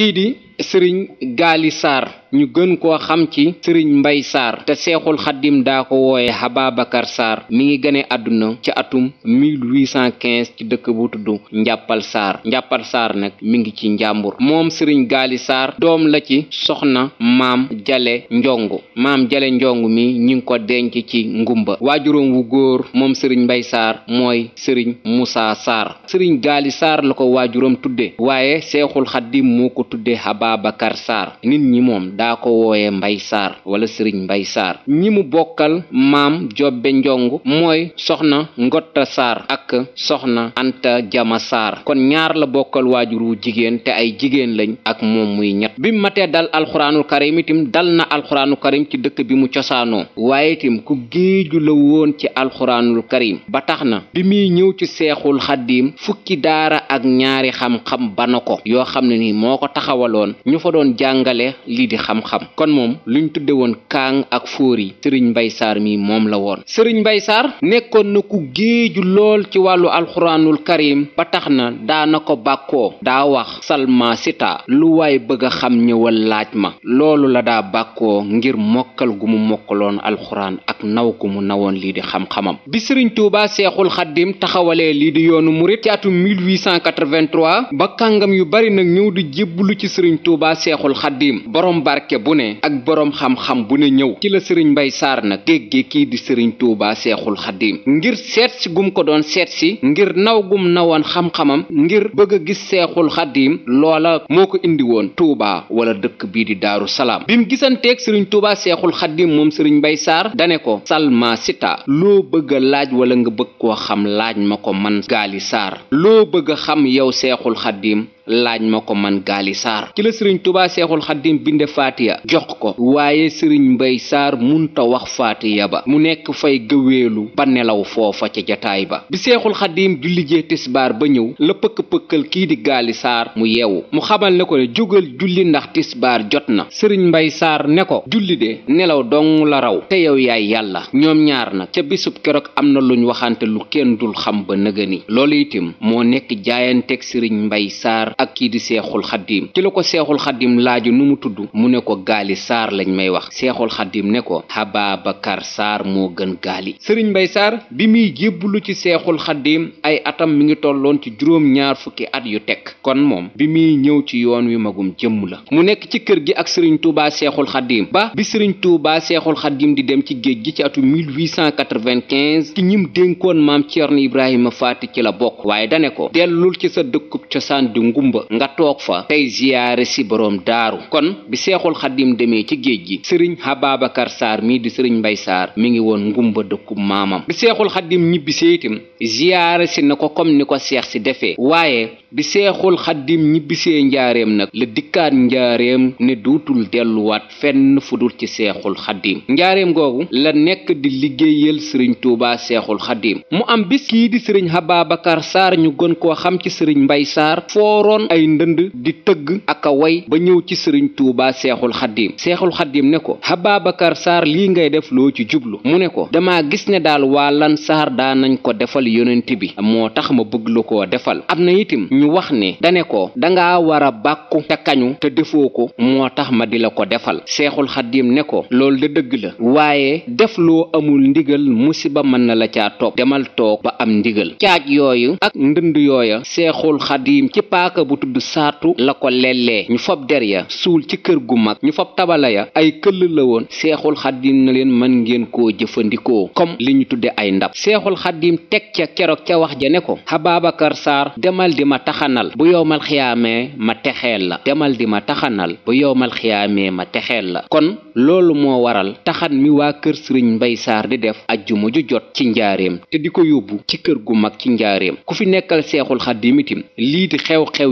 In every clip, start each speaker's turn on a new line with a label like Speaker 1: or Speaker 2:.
Speaker 1: kii di sëriñ gaali saar ñu gën koo xam ci sëriñ mbay saar te seexul xaddim daa ko wooye Ababacar Saar mi ngi gëne àdduna ci atum 1815 ci dëkk bu tudd njàppal saar nag mu ngi ci njàmbur moom sëriñ gaali saar doom la ci soxna maam jale njong maam jale njong mi ñu ngi ko denc ci ngumba waajuróom wu góor moom sëriñ mbay saar mooy sëriñ musaa saar sëriñ gaali saar la ko waajuróom tudde waaye seexul xaddim moo ko tuddee Ababacar Sarr nit ñi moom daa ko wooyee Mbay saar wala Sëriñ Mbay saar ñi mu bokkal maam Jobbe Njong mooy soxna Ngotta Sarr ak soxna Anta Jama saar kon ñaar la bokkal waajur wu jigéen te ay jigéen lañ ak moom muy ñett bi mu dal alxuraanul karim itam dal na alxuraanul karim ci dëkk bi mu cosaanoo waaye itam ku géeju la woon ci alxuraanul karim ba tax na bi muy ñëw ci seexul xaddiim fukki daara ak ñaari xam-xam ba na ko yoo xam ne nii moo taxawaloon ñu fa doon jàngale lii di xam-xam kon moom ñu tudde woon kaang ak fóori sëriñ mbay saar mii moom la woon sëriñ mbay saar nekkoon na ku géeju lool ci wàllu alxuraanul karim ba tax na daana ko bàkkoo daa wax salma sita lu waay bëgg a xam ñëwal laaj ma loolu la daa bàkkoo ngir mokkal gu mu mokkaloon alxuraan ak naw gu mu nawoon lii di xam-xamam bi sëriñ tuuba seexul xaddim taxawalee lii di yoonu murit ci atum 1883 ba kàngam yu bari nag ñëw lu ci sëriñ tuubaa seexul xaddiim borom barke bu ne ak borom xam-xam bu ne ñëw ci la sëriñ mbay saar nag déggee kii di sëriñ tuubaa seexul xaddiim ngir seetsi gum ko doon seet si ngir naw gum nawoon xam-xamam ngir bëgg a gis seexul xaddiim loola moo ko indi woon tuubaa wala dëkk bii di daaru salaam bim gisanteeg sëriñ tuubaa seexul xaddiim moom sëriñ mbay saar dane ko salma sita loo bëgg a laaj wala nga bëgg koo xam laaj ma ko man gaali saar loo bëgg a xam yow seexul xaddiim laaj ma ko man gaali saar ci la sëriñ tubaa seexul xaddim binde faatiya jox ko waaye sëriñ mbay saar munta wax faatiya ba mu nekk fay gëweelu ba nelaw foofa ca jataay ba bi seexul xaddim ju lijjee tisbaar ba ñëw la pëkk-pëkkal kii di gaali saar mu yeewu mu xamal ne ko ne jógal julli ndax tisbaar jot na sëriñ mbay saar ne ko julli de nelaw dong la raw te yow yaay yàlla ñoom ñaar nag ca bisub keroog am na luñ waxante lu kenn dul xam ba nëgëni loolu itam moo nekk jaayanteeg sëriñ mbay saar ak kii di seexul xaddiim ci la ko seexul xaddiim laaju nu mu tudd mu ne ko gaali saar lañ may wax seexul xaddiim ne ko Habaabakar Saar moo gën gaali sëriñ Mbay Saar bi muy lu ci seexul xaddiim ay atam mu ngi tolloon ci juróom-ñaar fukki at yu teg kon moom bi muy ñëw ci yoon wi magum jëmm la mu nekk ci kër gi ak sëriñ Touba seexul xaddiim ba bi sëriñ Touba seexul xaddiim di dem ci géej gi ci atu 1895 ci ñim dénkoon maam Ceerno Ibrahima Faati ci la bokk waaye dane ko ci sa dëkkub kumba nga toog fa tey ziyaare si boroom daaru kon bi seexul xaddim demee ci géej gi sëriñ Ababacar saar mii di sëriñ Mbay Sarr mi ngi woon ngumba dëkku maamam bi seexul xaddim ñibbisee itam ziyaare si na ko comme ni ko seex si defee waaye bi seexul xaddim ñibbisee njaareem nag la dikkaat njaareem ne duutul delluwaat fenn fu dul ci seexul xaddim njaareem googu la nekk di liggéeyal sëriñ Tuubaa seexul xaddim mu am bis kii di sëriñ Ababacar Sarr ñu gën yoroon ay ndënd di tëgg ak a way ba ñëw ci sëriñ tuubaa seexul xaddiim seexul xaddiim ne ko Hababacar Sarr lii ngay def loo ci jublu mu ne ko dama gis ne daal waa lan saar daa nañ ko defal yonent bi moo tax ma bëgg lu ko defal am na itam ñu wax ne dane ko danga war a bàkku te kañu te defoo ko moo tax ma di la ko defal seexul xaddiim ne ko loolu de dëgg la waaye def loo amul ndigal musiba mën na la caa toog demal toog ba am ndigal caaj yooyu ak ndënd paaka bu tudd saatu la ko lellee ñu fob der ya suul ci kër gu mag ñu fob tabala ya ay këll la woon seexul xaddim na leen mën ngeen koo jëfandikoo comme li ñu tudde ay ndab seexul xaddim teg ca keroog ca wax ja ne ko Ababacar Sarr demal di ma taxanal bu yowmal xiyaamee ma texeel la demal di ma taxanal bu yowmal xiyaamee ma texeel la kon loolu moo waral taxan mi waa kër sëriñ Mbay Sarr di def ajjuma ju jot ci njaareem te di ko yóbbu ci kër gu mag ci njaareem ku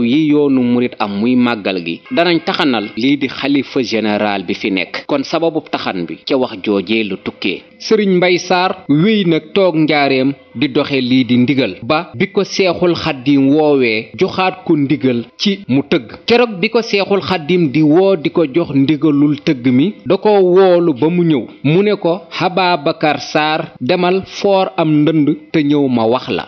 Speaker 1: yi yoonu murit am muy màggal gi danañ taxanal lii di xalifa général bi fi nekk kon sababu taxan bi ca wax joojee lu tukkee sëriñ mbay saar wéy nag toog njaareem di doxe lii di ndigal ba bi ko seexul xaddiim woowee joxaat ko ndigal ci mu tëgg keroog bi ko seexul xaddiim di woo di ko jox ndigalul tëgg mi da ko woolu ba mu ñëw mu ne ko Habaabakar Saar demal foor am ndënd te ñëw ma wax la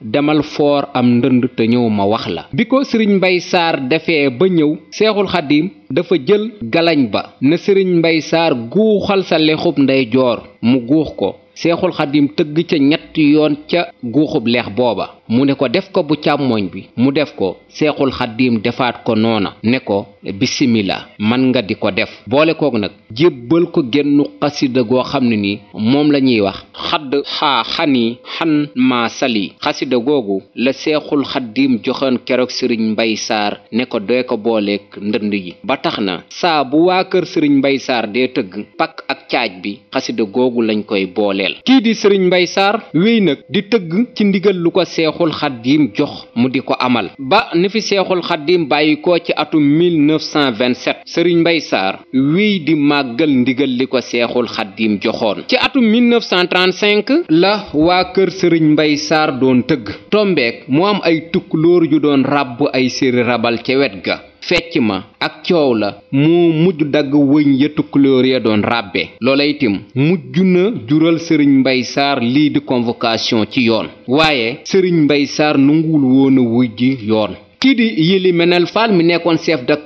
Speaker 1: demal foor am ndënd te ñëw ma wax la bi ko sëriñ mbay saar defee ba ñëw seexul xaddiim dafa jël galañ ba na sëriñ mbay saar guuxal sa lexub ndeyjoor mu guux ko seexul xaddiim tëgg ca ñetti yoon ca guuxub leex booba mu ne ko def ko bu càmmooñ bi mu def ko seexul xaddiim defaat ko noona ne ko bisimila man nga di ko def boole kook nag jébbal ko gennu xasida goo xam ne ni moom la ñuy wax xadd xaa xani xan sali xasida googu la seexul xaddiim joxoon keroog sëriñ mbay saar ne ko dee ko booleek ndënd yi ba tax na saa bu waa kër sëriñ mbay saar dee tëgg pakk ak caaj bi xasida googu lañ koy booleel kii di sëriñ mbay saar wéy nag di tëgg ci ndigal lu ko seexu seexul xaddiim jox mu di ko amal ba ni fi seexul bàyyi ko ci atum 1927 sëriñ mbay saar wéy di màggal ndigal li ko seexul xaddiim joxoon ci atum 1935 la waa kër sëriñ mbay saar doon tëgg tombeek mu am ay tukk lóor yu doon ràbb ay séri rabal ca wet ga fecc ma ak coow la moo mujj dagg wëñ ya tukkuloor ya doon ràbbe loola itam mujj na jural sëriñ mbay saar lii di convocation ci yoon waaye sëriñ mbay saar nanguwul woon a ji yoon kii di Yili Menel Fall mi nekkoon chef de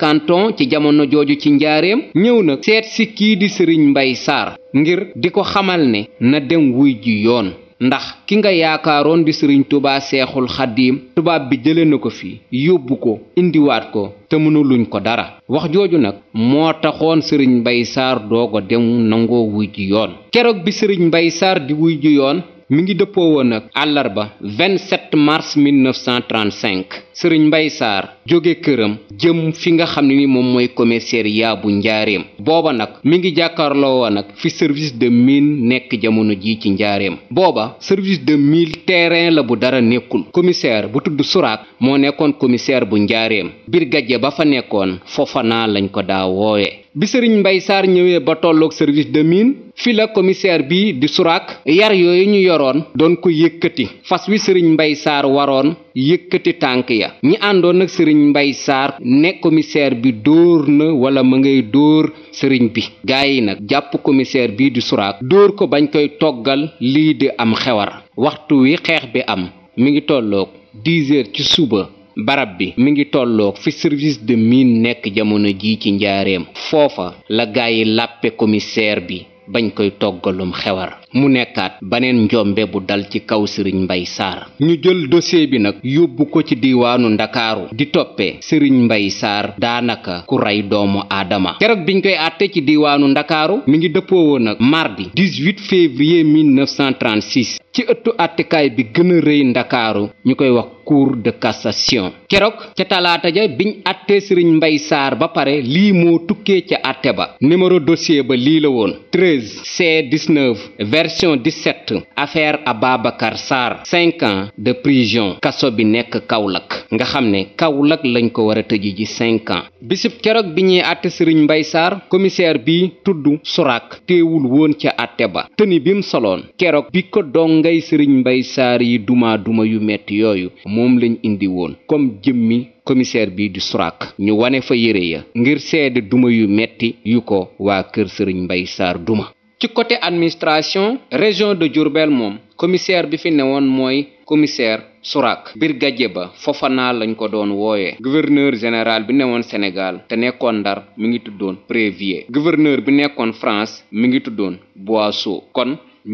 Speaker 1: ci jamono jooju ci njaareem ñëw na seet si kii di sëriñ mbay saar ngir di ko xamal ne na dem wuy ji yoon ndax ki nga yaakaaroon di sëriñ tubaa seexul xaddiim tubaab bi jëlee na ko fi yóbbu ko indiwaat ko te mënuluñ ko dara wax jooju nag moo taxoon sëriñ mbay saar doog a dem nangoo wuy ji yoon keroog bi sëriñ mbay saar di wuy ji yoon mi ngi dëppoo woon ak àllarba 27 mars 1935 sëriñ mbay saar jóge këram jëm fi nga xam ne ni moom mooy commissariat bu njaareem booba nag mi ngi jàkkaarloo woon nag fi service de mine nekk jamono jii ci njaareem booba service de mine terrain la bu dara nekkul commissaire bu tudd Souraak moo nekkoon commissaire bu njaareem biir gajje ba fa nekkoon Fofana lañ ko daa bi sëriñ Mbay Saar ñëwee ba tolloog service de mine fi la commissaire bi di Souraak yar yooyu ñu yoroon doon ko yëkkati fas wi sëriñ Mbay Saar waroon yëkkati tànk ya ñi àndoon nag sëriñ mbay saar ne commissaire bi dóor na wala mu ngay dóor sëriñ bi gaa yi nag jàpp commissaire bii di suraak dóor ko bañ koy toggal lii di am xewar waxtu wi xeex bi am mu ngi tollook 10 ci suba barab bi mi ngi tolloog fi service de mine nekk jamono jii ci njaareem foofa la gaa yi làppe commissaire bi bañ koy toggalum xewar mu nekkaat beneen njombe bu dal ci kaw sëriñ mbay saar ñu jël dossier bi nag yóbbu ko ci diiwaanu ndakaaru di toppee sëriñ mbay saar daanaka ku rey doomu aadama keroog biñ koy àtte ci diiwaanu ndakaaru mi ngi dëppoo woon nag mardi 18 février 1936 ci ëttu àttekaay bi gën a rëy ndakaaru ñu koy wax cour de cassation keroog ca talaata ja biñ àttee sëriñ mbay saar ba pare lii moo tukkee ca àtte ba numéro dossier ba lii la woon 13 C version 17 affaire Ababacar Sarr cinq ans de prison kaso bi nekk Kaolack nga xam ne Kaolack lañ ko war a tëj ji cinq ans bisib keroog bi ñuy àtte Serigne mbay saar commissaire bi tudd Souraak teewul woon ca àtte ba tëni bi mu soloon keroog bi ko dongay Serigne mbay Sarr yi duma duma yu metti yooyu moom lañ indi woon comme jëmmi commissaire bi di Souraak ñu wane fa yére ya ngir seede duma yu metti yu ko waa kër Serigne Mbaye Sarr duma ci côté administration région de Diourbel moom commissaire bi fi newoon mooy commissaire Sourak Birgadieba Fofana lañ ko doon wooyee gouverneur général bi newoon Sénégal te nekkoon Ndar mi ngi tuddoon Prévier gouverneur bi nekkoon France mi ngi tuddoon Boisseau kon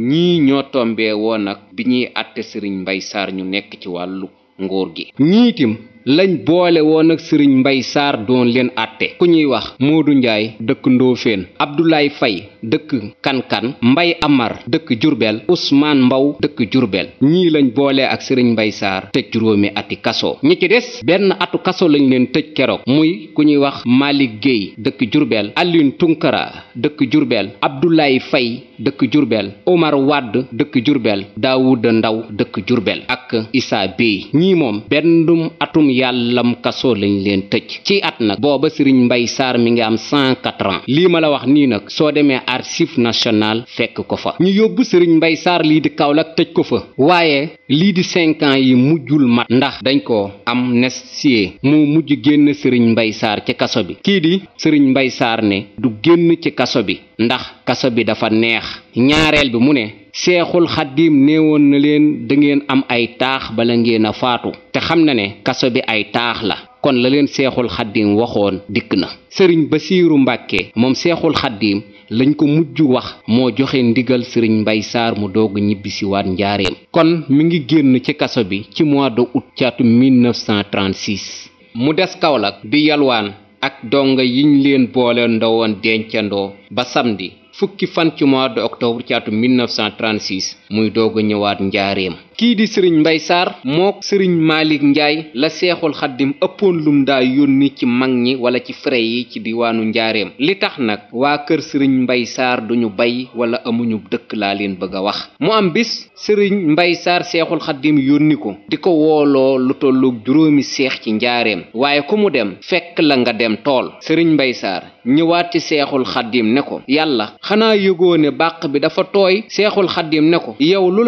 Speaker 1: ñii ñoo tombe woon nag bi ñuy àtte Serigne mbay Sarr ñu nekk ci wàllu nguur gi ñii itam lañ boole woon ak sëriñ mbay saar doon leen àtte ku ñuy wax Modou Ndiaye dëkk Ndofène Abdoulaye fay dëkk Kankan Mbay Amar dëkk Jurbel Ousmane Mbaw dëkk Jurbel ñii lañ boole ak sëriñ mbay saar tëj juróomi ati kaso ñi ci des benn atu kaso lañ leen tëj keroog muy ku ñuy wax Malick Guèye dëkk Jurbel Alioune Tunkara dëkk Jurbel Abdoulaye fay dëkk Jurbel Omar wàdd dëkk Jurbel Daouda Ndaw dëkk Jurbel ak Issa Bey ñii moom benn atum yàllam kaso lañ leen tëj ci at nag booba sëriñ mbay saar mi ngi am cent quatre ans lii ma la wax nii nag soo demee archive nationale fekk ko fa ñu yóbbu sëriñ mbay saar lii di Kaolack tëj ko fa waaye lii di cinq yi mujjul mat ndax dañ ko am nestie mu mujj génn sëriñ mbay saar ci kaso bi kii di sëriñ mbay saar ne du génn ci kaso bi ndax kaso bi dafa neex ñaareel bi mu ne seexul xaddiim néewoon na leen da ngeen am ay taax bala ngeen a faatu te xam na ne kaso bi ay taax la kon la leen seexul xaddiim waxoon dikk na sëriñ Basiiru Mbàkke moom seexul xaddiim lañ ko mujj wax moo joxe ndigal sëriñ Mbay Saar mu doog ñibbisi waat njaareem kon mu ngi génn ci kaso bi ci mois de août caatu 1936 mu des Kaolack bi yalwaan ak dongo yiñ leen boole ndawoon dencandoo ba samedi fukki fan ci mois de octobre ci atum 1936 muy doog a ñëwaat njaareem kii di sëriñ mbay saar mook sëriñ maalik njaay la seexul xaddim ëppoon lum daa yónni ci mag ñi wala ci frais yi ci diwaanu njaareem li tax nag waa kër sëriñ mbay saar duñu bay wala amuñu dëkk laa leen bëgg a wax mu am bis sëriñ mbay saar seexul xaddim yónni ko di ko wooloo lu tolloog juróomi seex ci njaareem waaye ku mu dem fekk la nga dem tool sëriñ mbay saar ñëwaat ci seexul xaddim ne ko yàlla xanaa yëgoo ne bàq bi dafa tooy seexul xaddim ne ko yow lu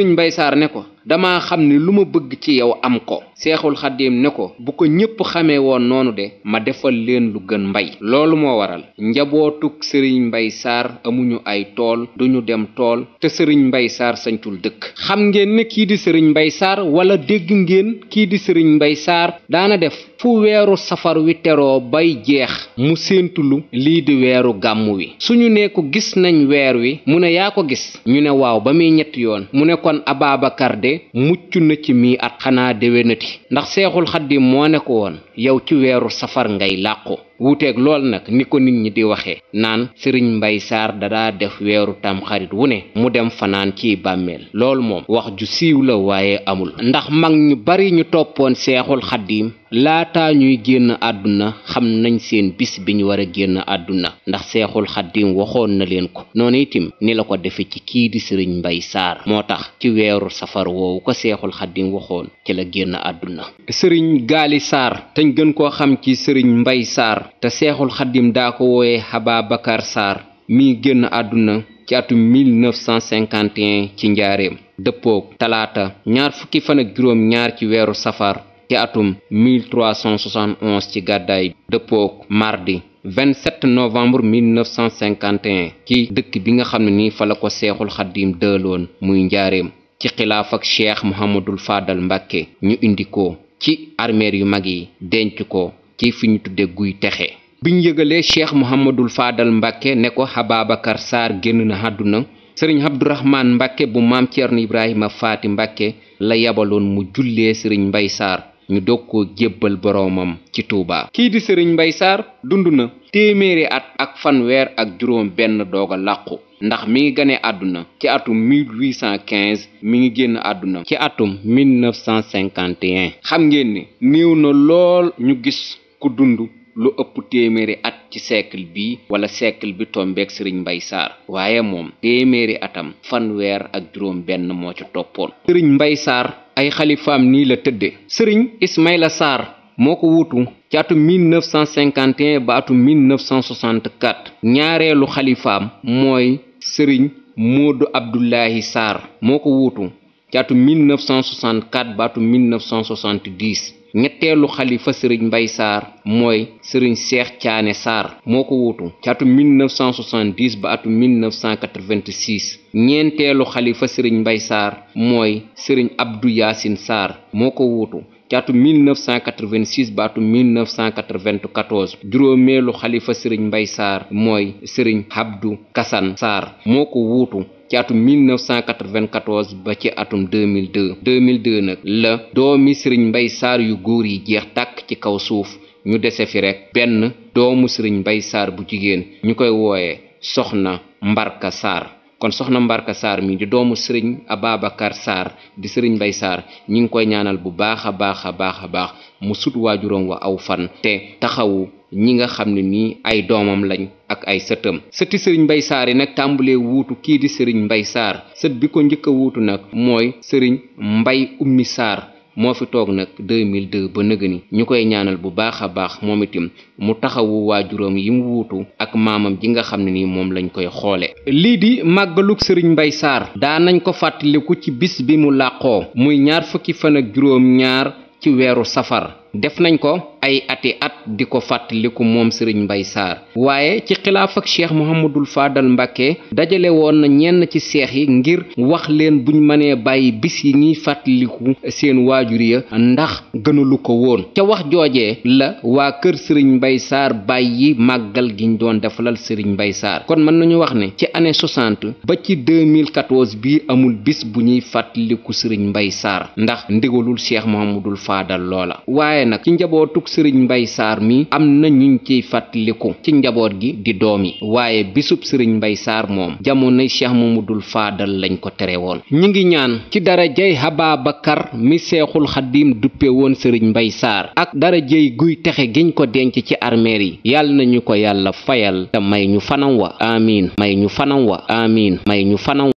Speaker 1: sëriñ bay saar ne ko damaa xam ne lu ma bëgg ci yow am ko seexul xaddiim ne ko bu ko ñépp xamee woon noonu de ma defal leen lu gën mbay loolu moo waral njabootug sëriñ mbay saar amuñu ay tool duñu dem tool te sëriñ mbay saar sañtul dëkk xam ngeen ne kii di sëriñ mbay saar wala dégg ngeen kii di sëriñ mbay saar daana def fu weeru safar wi teroo bay jeex mu séentulu lii di weeru gàmm wi suñu ne ko gis nañ weer wi mu ne yaa ko gis ñu ne waaw ba muy ñett yoon mu ne kon mucc na ci mii at xanaa déwénati ndax seexul xaddim moo ne ko woon yow ci weeru safar ngay làqu wuuteeg lool nag ni ko nit ñi di waxee naan sëriñ mbay saar dadaa def weeru tamxarit wu ne mu dem fanaan ci bàmmeel loolu moom wax ju siiw la waaye amul ndax mag ñu bari ñu toppoon seexul xaddiim laata ñuy génn àdduna xam nañ seen bis bi ñu war a génn àdduna ndax seexul xaddiim waxoon na leen ko noonu itim ni la ko defe ci kii di sëriñ mbay saar moo tax ci weeru safar woowu ko seexul xaddiim waxoon ci la génn àdduna sëriñ gaali saar teñ gën koo xam ci sëriñ mbay saar te seexul xaddim daa ko wooye Aba Bakar Sarr mi génn àdduna ci atum 1951 ci njaareem dëppook talaata ñaar fukki fan ak juróom ñaar ci weeru safar ci atum 1371 ci gàddaay dëppook mardi 27 novembre 1951 ci dëkk bi nga xam ne ni fala ko seexul xaddim dëloon muy njaareem ci xilaaf ak cheikh Mouhamadul Fadal Mbàkke ñu indi ko ci armeel yu mag yi denc ko ci fi ñu tudde guy texe biñ yëgalee cheikh mouhamadul faadal mbàkke ne ko Ababacar Sarr génn na àdduna sëriñ abdourahman mbàkke bu maam ni ibrahima faati mbàkke la yabaloon mu jullee sëriñ mbay saar ñu dog ko jébbal boromam ci Touba. kii di sëriñ mbay saar dund na téeméeri at ak fanweer ak juróom benn doog a làqu ndax mi ngi gane àdduna ci atum 1815 mi ngi génn àdduna ci atum 1951 xam ngeen ni néew na lool ñu gis ku dund lu ëpp téeméeri at ci siècle bii wala siècle bi tombeek sëriñ mbay saar waaye moom téeméeri atam fanweer ak juróom benn moo ci toppoon sëriñ mbay saar ay xalifaam nii la tëdde sëriñ ismaila saar moo ko wuutu ci atu 1951 ba atu 1964 ñaareelu xalifaam mooy sëriñ moodu abdullahi saar moo ko wuutu ci atu 1964 ba ñetteelu xalifa sëriñ mbay saar mooy sëriñ seex caane saar moo ko wuutu ci atum 1970 ba atum 1986 ñeenteelu xalifa sëriñ mbay saar mooy sëriñ abdu yaasin saar moo ko wuutu ci atum 1986 ba atum 1994 juróomeelu xalifa sëriñ Mbay Saar mooy sëriñ Abdou Kassane Saar moo ko wuutu ci atum 1994 ba ci atum 2002 2002 nag la doomi sëriñ Mbay Saar yu góor yi jeex tàkk ci kaw suuf ñu dese fi rek benn doomu sëriñ Mbay Saar bu jigéen ñu koy wooye soxna Mbarka Saar kon soxna Mbarka Sarr mi di doomu sëriñ Ababacar Sarr di sëriñ Mbay saar ñi ngi koy ñaanal bu baax a baax a baax a baax mu sut waajuram wa aw fan te taxawu ñi nga xam ne nii ay doomam lañ ak ay sëtam sëti sëriñ mbay saar yi nag tàmbalee wuutu kii di sëriñ mbay saar sët bi ko njëkk a wuutu nag mooy sëriñ mbay ummi saar moo fi toog nag 2002 ba nëga ni ñu koy ñaanal bu baax a baax moom itam mu taxawu juróom yi mu wuutu ak maamam ji nga xam ne ni moom lañ koy xoole lii di màggalug sëriñ Mbay Saar daa nañ ko fàttaliku ci bis bi mu làqoo muy ñaar fukki fan ak juróom ñaar ci weeru safar def nañ ko ay ati at di ko fàttaliku moom sëriñ mbay saar waaye ci xilaaf ak cheikh mohamadul faadal mbàkke dajale woon na ñenn ci seex yi ngir wax leen buñ mënee bàyyi bis yi ñuy fàttaliku seen waajur ya ndax gënalu ko woon ca wax joojee la waa kër sëriñ mbay saar bàyyi màggal giñ doon defalal sëriñ mbay saar kon mën nañu wax ne ci année 60 ba ci 2014 bii amul bis bu ñuy fàttaliku sëriñ mbay saar ndax ndigalul cheikh mohamadul faadal loola waaye nag ci njabootug sëriñ mbay saar mi am na ñuñ ciy fàttaliku ci njaboot gi di doom yi waaye bisub sëriñ mbay saar moom jamonoy cheikh dul faadal lañ ko tere woon ñu ngi ñaan ci dara jay hababakar mi seexul xaddim duppe woon sëriñ mbay saar ak dara jëy guy texe giñ ko denc ci armeer yi yàlla nañu ko yàlla fayal te may ñu fanam wa amiin may may ñu fanam